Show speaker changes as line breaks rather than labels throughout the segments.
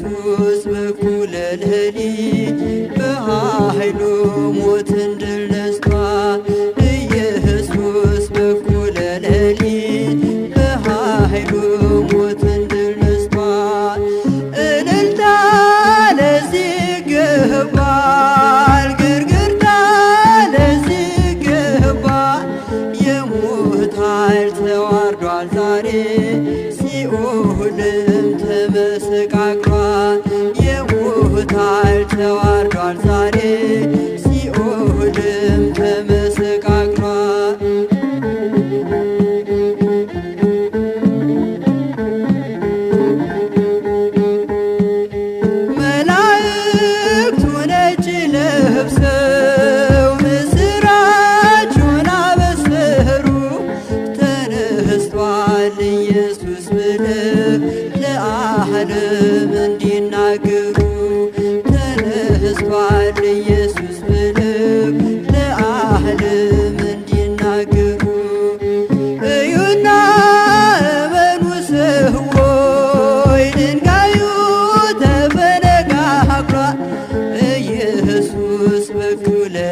ኢየሱስ በኩለ ሌሊት በኃይሉ ሞትን ድል ነስቷል። ኢየሱስ በኩለ ሌሊት በኃይሉ ሞትን ድል ነስቷል። እልልታ ለዚህ ይገባል፣ ግርግርታ ለዚህ ይገባል። የሞት ኃይል ተዋርዷል ዛሬ ሲኦልም ተመሰቃቅሏል። አካል ተዋርዷል ዛሬ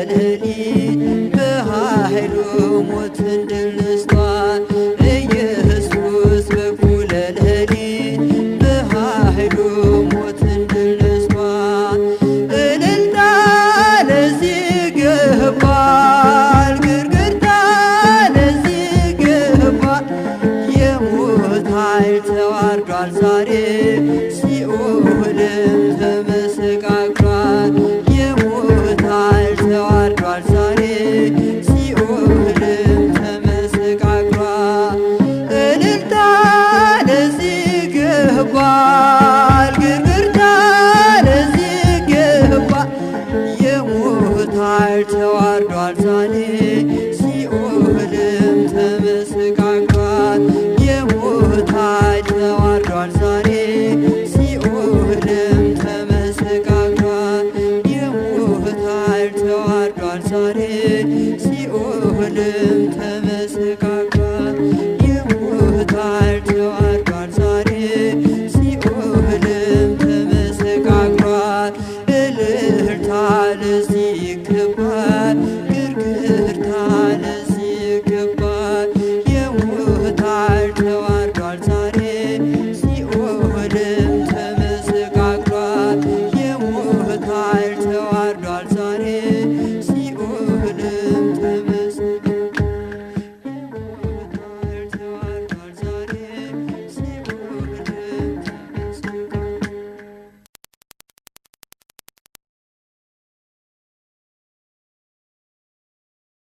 መድህኒ በኃይሉ ሞትን ድል ነስቷል። ኢየሱስ በኩለ ሌሊ በኃይሉ ሞትን ድል ነስቷል። እልልታ ለዚህ ይገባል፣ ግርግርታ ለዚህ ይገባል። የሞት ኃይል ተዋርዷል ዛሬ ሲኦልም ተመስ ዛሬ ሲኦልም ተመሰቃቃ ይውታል ተዋርዷል ዛሬ ሲኦልም ተመሰቃቅሏል እልልታ